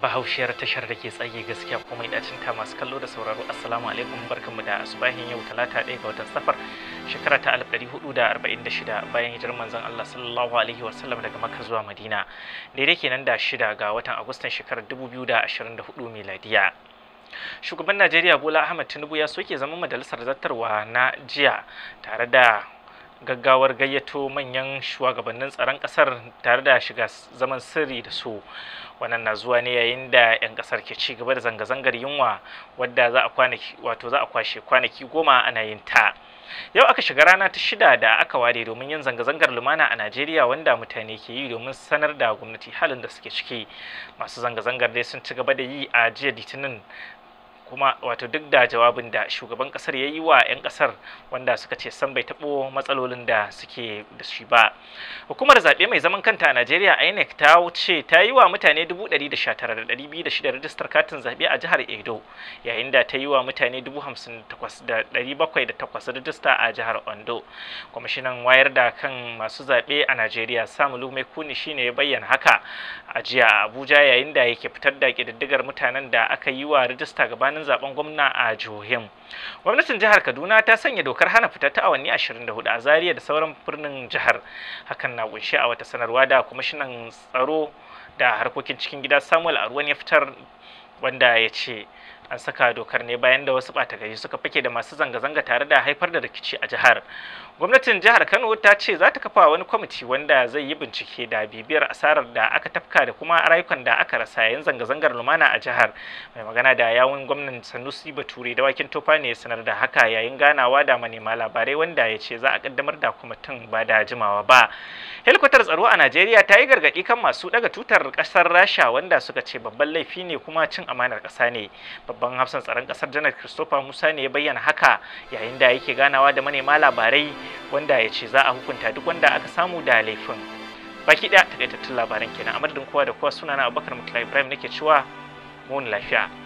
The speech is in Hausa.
bahaushiyar tashar da ke tsage gaskiya ko mai dacin ta masu kallo da sauraro assalamu alaikum barkanmu da asubahin yau talata ɗaya ga watan safar shekara ta alif ɗari da da arba'in shida, bayan hijirar manzon Allah sallallahu alaihi sallam daga maka zuwa Madina daidai kenan da shida ga watan Agustan shekarar da hudu miladiya shugaban Najeriya Bola ahmad Tinubu ya soke zama majalisar zartarwa na jiya tare da gaggawar gayyato manyan shugabannin tsaron kasar tare da shiga zaman sirri da su wannan na zuwa ne yayin da 'yan kasar ke ci gaba da zanga-zangar yunwa wadda za a wato za a kwashe kwanaki goma ana yin ta yau aka shiga rana ta shida da aka ware domin yin zanga-zangar lumana a najeriya wanda mutane ke yi domin sanar da gwamnati halin da suke ciki masu zanga-zangar dai sun ci gaba da yi a jiya litinin kuma wato duk da jawabin da shugaban kasar ya yi wa 'yan kasar wanda suka ce san bai taɓo matsalolin da suke da shi ba hukumar zaɓe mai zaman kanta a najeriya inec ta wuce ta yi wa mutane 119,206 rajistar katin zaɓe a jihar edo yayin da ta yi wa mutane 58,708 rajista a jihar ondo kwamishinan wayar da kan masu zaɓe a najeriya samulu mai kuni shine ya bayyana haka a jiya abuja yayin da yake fitar da ƙididdigar mutanen da aka yi wa rajista gabanin gabanin zaben gwamna a jihohin gwamnatin jihar kaduna ta sanya dokar hana fita ta awanni 24 a zaria da sauran birnin jihar hakan na kunshe a wata sanarwa da kwamishinan tsaro da harkokin cikin gida samuel arwan ya fitar wanda ya ce an saka dokar ne bayan da wasu ɓata gari suka fake da masu zanga-zanga tare da haifar da rikici a jihar gwamnatin jihar kano ta ce za ta kafa wani kwamiti wanda zai yi bincike da bibiyar asarar da aka tafka da kuma rayukan da aka rasa yayin zanga-zangar lumana a jihar mai magana da yawun gwamnan sanusi bature da wakin tofa ne sanar da haka yayin ganawa da manema labarai wanda ya ce za a kaddamar da kwamitin ba da jimawa ba helikwatar tsaro a najeriya ta yi gargaɗi kan masu daga tutar kasar rasha wanda suka ce babban laifi ne kuma cin amanar ƙasa ne babban hafsan tsaron kasar janar christopher musa ne ya bayyana haka yayin da yake ganawa da manema labarai wanda ya ce za a hukunta duk wanda aka samu da laifin baki daya takaitattun labaran kenan a madadin kowa da kowa sunana abubakar mutula ibrahim nake cewa mun lafiya